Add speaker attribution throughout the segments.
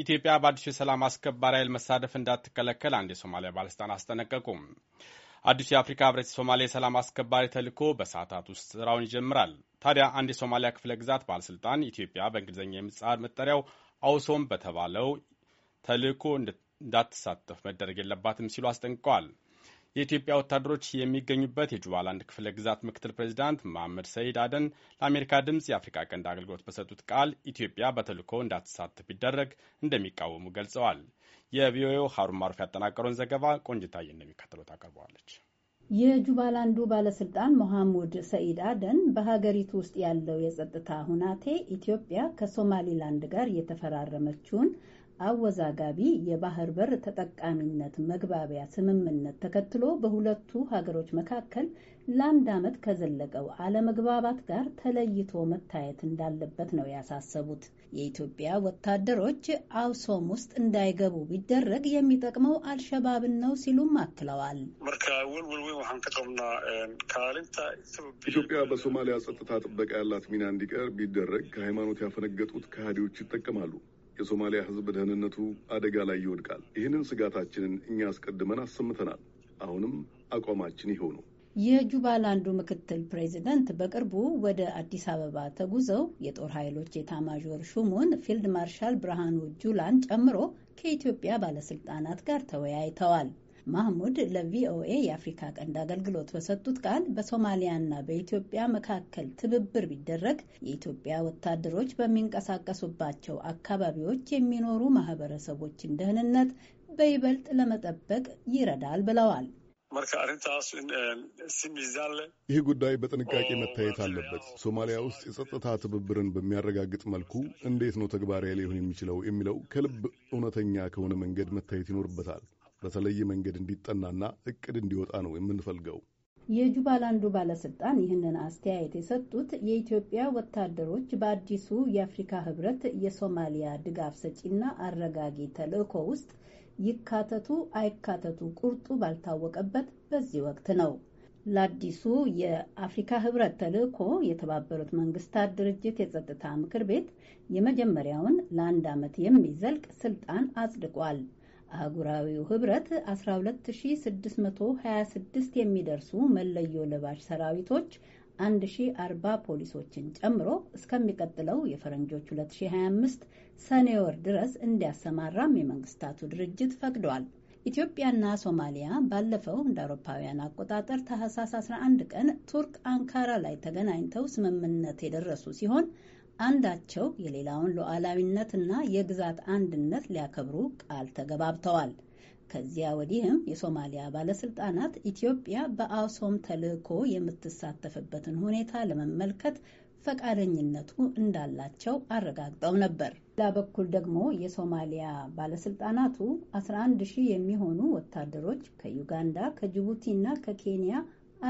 Speaker 1: ኢትዮጵያ በአዲሱ የሰላም አስከባሪ ኃይል መሳደፍ እንዳትከለከል አንድ የሶማሊያ ባለስልጣን አስጠነቀቁ። አዲሱ የአፍሪካ ህብረት የሶማሊያ የሰላም አስከባሪ ተልዕኮ በሰዓታት ውስጥ ስራውን ይጀምራል። ታዲያ አንድ የሶማሊያ ክፍለ ግዛት ባለስልጣን ኢትዮጵያ በእንግሊዝኛ የምጽዓር መጠሪያው አውሶም በተባለው ተልኮ እንዳትሳተፍ መደረግ የለባትም ሲሉ አስጠንቅቀዋል። የኢትዮጵያ ወታደሮች የሚገኙበት የጁባላንድ ክፍለ ግዛት ምክትል ፕሬዚዳንት መሐመድ ሰይድ አደን ለአሜሪካ ድምፅ የአፍሪካ ቀንድ አገልግሎት በሰጡት ቃል ኢትዮጵያ በተልዕኮ እንዳትሳተፍ ቢደረግ እንደሚቃወሙ ገልጸዋል። የቪኦኤው ሀሩን ማሩፍ ያጠናቀረውን ዘገባ ቆንጅታዬ እንደሚከተለው ታቀርበዋለች። የጁባላንዱ ባለስልጣን ሞሐሙድ ሰኢድ አደን በሀገሪቱ ውስጥ ያለው የጸጥታ ሁናቴ ኢትዮጵያ ከሶማሊላንድ ጋር የተፈራረመችውን አወዛጋቢ የባህር በር ተጠቃሚነት መግባቢያ ስምምነት ተከትሎ በሁለቱ ሀገሮች መካከል ለአንድ ዓመት ከዘለቀው አለመግባባት ጋር ተለይቶ መታየት እንዳለበት ነው ያሳሰቡት። የኢትዮጵያ ወታደሮች አውሶም ውስጥ እንዳይገቡ ቢደረግ የሚጠቅመው አልሸባብን ነው ሲሉም አክለዋል።
Speaker 2: ኢትዮጵያ በሶማሊያ ጸጥታ ጥበቃ ያላት ሚና እንዲቀር ቢደረግ ከሃይማኖት ያፈነገጡት ከሃዲዎች ይጠቀማሉ። የሶማሊያ ህዝብ ደህንነቱ አደጋ ላይ ይወድቃል። ይህንን ስጋታችንን እኛ አስቀድመን አሰምተናል። አሁንም አቋማችን ይኸው ነው።
Speaker 1: የጁባላንዱ ምክትል ፕሬዚደንት በቅርቡ ወደ አዲስ አበባ ተጉዘው የጦር ኃይሎች የታማዦር ሹሙን ፊልድ ማርሻል ብርሃኑ ጁላን ጨምሮ ከኢትዮጵያ ባለስልጣናት ጋር ተወያይተዋል። ማህሙድ ለቪኦኤ የአፍሪካ ቀንድ አገልግሎት በሰጡት ቃል በሶማሊያና በኢትዮጵያ መካከል ትብብር ቢደረግ የኢትዮጵያ ወታደሮች በሚንቀሳቀሱባቸው አካባቢዎች የሚኖሩ ማህበረሰቦችን ደህንነት በይበልጥ ለመጠበቅ ይረዳል ብለዋል።
Speaker 2: ይህ ጉዳይ በጥንቃቄ መታየት አለበት። ሶማሊያ ውስጥ የጸጥታ ትብብርን በሚያረጋግጥ መልኩ እንዴት ነው ተግባራዊ ሊሆን የሚችለው የሚለው ከልብ እውነተኛ ከሆነ መንገድ መታየት ይኖርበታል። በተለየ መንገድ እንዲጠናና እቅድ እንዲወጣ ነው የምንፈልገው።
Speaker 1: የጁባላንዱ ባለስልጣን ይህንን አስተያየት የሰጡት የኢትዮጵያ ወታደሮች በአዲሱ የአፍሪካ ህብረት የሶማሊያ ድጋፍ ሰጪና አረጋጊ ተልዕኮ ውስጥ ይካተቱ አይካተቱ ቁርጡ ባልታወቀበት በዚህ ወቅት ነው። ለአዲሱ የአፍሪካ ህብረት ተልዕኮ የተባበሩት መንግስታት ድርጅት የጸጥታ ምክር ቤት የመጀመሪያውን ለአንድ ዓመት የሚዘልቅ ስልጣን አጽድቋል። አህጉራዊው ህብረት 12626 የሚደርሱ መለዮ ለባሽ ሰራዊቶች 1040 ፖሊሶችን ጨምሮ እስከሚቀጥለው የፈረንጆች 2025 ሰኔ ወር ድረስ እንዲያሰማራም የመንግስታቱ ድርጅት ፈቅዷል። ኢትዮጵያና ሶማሊያ ባለፈው እንደ አውሮፓውያን አቆጣጠር ታህሳስ 11 ቀን ቱርክ አንካራ ላይ ተገናኝተው ስምምነት የደረሱ ሲሆን አንዳቸው የሌላውን ሉዓላዊነትና የግዛት አንድነት ሊያከብሩ ቃል ተገባብተዋል። ከዚያ ወዲህም የሶማሊያ ባለስልጣናት ኢትዮጵያ በአሶም ተልዕኮ የምትሳተፍበትን ሁኔታ ለመመልከት ፈቃደኝነቱ እንዳላቸው አረጋግጠው ነበር። ሌላ በኩል ደግሞ የሶማሊያ ባለስልጣናቱ 11 ሺህ የሚሆኑ ወታደሮች ከዩጋንዳ፣ ከጅቡቲ እና ከኬንያ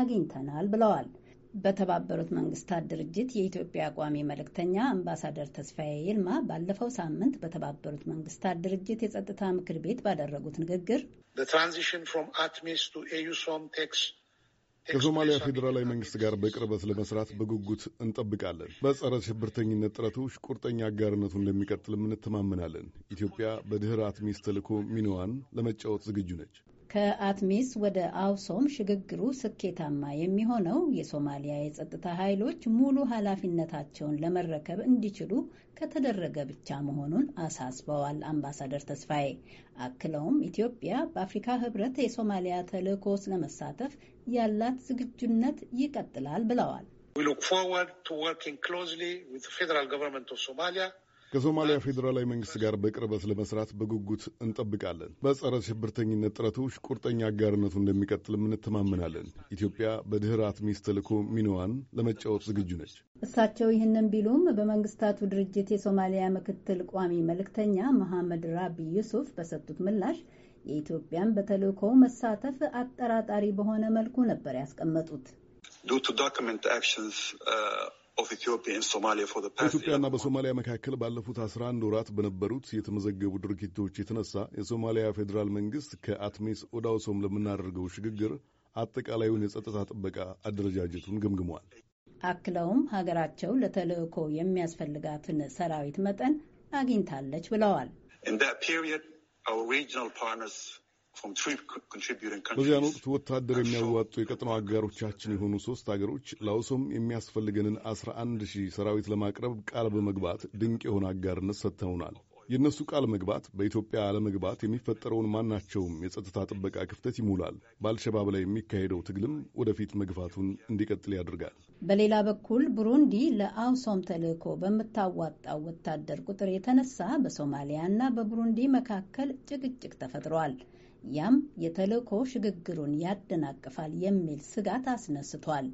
Speaker 1: አግኝተናል ብለዋል። በተባበሩት መንግስታት ድርጅት የኢትዮጵያ ቋሚ መልእክተኛ አምባሳደር ተስፋዬ ይልማ ባለፈው ሳምንት በተባበሩት መንግስታት ድርጅት የጸጥታ ምክር ቤት ባደረጉት ንግግር
Speaker 2: ከሶማሊያ ፌዴራላዊ መንግስት ጋር በቅርበት ለመስራት በጉጉት እንጠብቃለን። በጸረ ሽብርተኝነት ጥረቱ ቁርጠኛ አጋርነቱ እንደሚቀጥልም እንተማመናለን። ኢትዮጵያ በድኅረ አትሚስ ተልዕኮ ሚናዋን ለመጫወት ዝግጁ ነች።
Speaker 1: ከአትሚስ ወደ አውሶም ሽግግሩ ስኬታማ የሚሆነው የሶማሊያ የጸጥታ ኃይሎች ሙሉ ኃላፊነታቸውን ለመረከብ እንዲችሉ ከተደረገ ብቻ መሆኑን አሳስበዋል አምባሳደር ተስፋዬ። አክለውም ኢትዮጵያ በአፍሪካ ሕብረት የሶማሊያ ተልዕኮ ለመሳተፍ ያላት ዝግጁነት ይቀጥላል ብለዋል። ከሶማሊያ ፌዴራላዊ መንግስት ጋር በቅርበት
Speaker 2: ለመስራት በጉጉት እንጠብቃለን። በጸረ ሽብርተኝነት ጥረቶች ቁርጠኛ አጋርነቱ እንደሚቀጥልም እንተማመናለን። ኢትዮጵያ በድህረ አትሚስ ተልዕኮ ሚናዋን ለመጫወት ዝግጁ ነች።
Speaker 1: እሳቸው ይህንን ቢሉም በመንግስታቱ ድርጅት የሶማሊያ ምክትል ቋሚ መልእክተኛ መሐመድ ራቢ ዩሱፍ በሰጡት ምላሽ የኢትዮጵያን በተልዕኮ መሳተፍ አጠራጣሪ በሆነ መልኩ ነበር ያስቀመጡት።
Speaker 2: በኢትዮጵያና በሶማሊያ መካከል ባለፉት አንድ ወራት በነበሩት የተመዘገቡ ድርጊቶች የተነሳ የሶማሊያ ፌዴራል መንግስት ከአትሚስ ኦዳውሶም ለምናደርገው ሽግግር አጠቃላዩን የጸጥታ ጥበቃ አደረጃጀቱን ገምግሟል።
Speaker 1: አክለውም ሀገራቸው ለተልእኮ የሚያስፈልጋትን ሰራዊት መጠን አግኝታለች ብለዋል።
Speaker 2: በዚያን ወቅት ወታደር የሚያዋጡ የቀጠናው አጋሮቻችን የሆኑ ሶስት አገሮች ላውሶም የሚያስፈልገንን አስራ አንድ ሺህ ሰራዊት ለማቅረብ ቃል በመግባት ድንቅ የሆነ አጋርነት ሰጥተውናል። የእነሱ ቃል መግባት በኢትዮጵያ አለመግባት የሚፈጠረውን ማናቸውም የጸጥታ ጥበቃ ክፍተት ይሞላል። በአልሸባብ ላይ የሚካሄደው ትግልም ወደፊት መግፋቱን እንዲቀጥል ያደርጋል።
Speaker 1: በሌላ በኩል ቡሩንዲ ለአውሶም ተልዕኮ በምታዋጣው ወታደር ቁጥር የተነሳ በሶማሊያና በቡሩንዲ መካከል ጭቅጭቅ ተፈጥሯል። ያም የተልዕኮ ሽግግሩን ያደናቅፋል የሚል ስጋት አስነስቷል።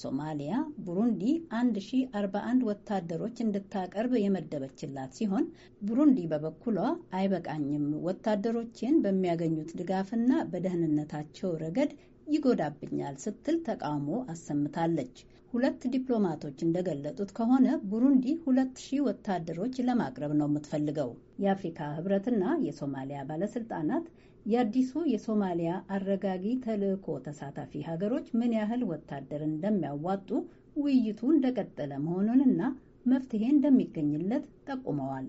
Speaker 1: ሶማሊያ ቡሩንዲ 1041 ወታደሮች እንድታቀርብ የመደበችላት ሲሆን ቡሩንዲ በበኩሏ አይበቃኝም፣ ወታደሮችን በሚያገኙት ድጋፍና በደህንነታቸው ረገድ ይጎዳብኛል ስትል ተቃውሞ አሰምታለች። ሁለት ዲፕሎማቶች እንደገለጡት ከሆነ ቡሩንዲ ሁለት ሺህ ወታደሮች ለማቅረብ ነው የምትፈልገው። የአፍሪካ ህብረትና የሶማሊያ ባለስልጣናት የአዲሱ የሶማሊያ አረጋጊ ተልዕኮ ተሳታፊ ሀገሮች ምን ያህል ወታደር እንደሚያዋጡ ውይይቱ እንደቀጠለ መሆኑንና መፍትሄ እንደሚገኝለት ጠቁመዋል።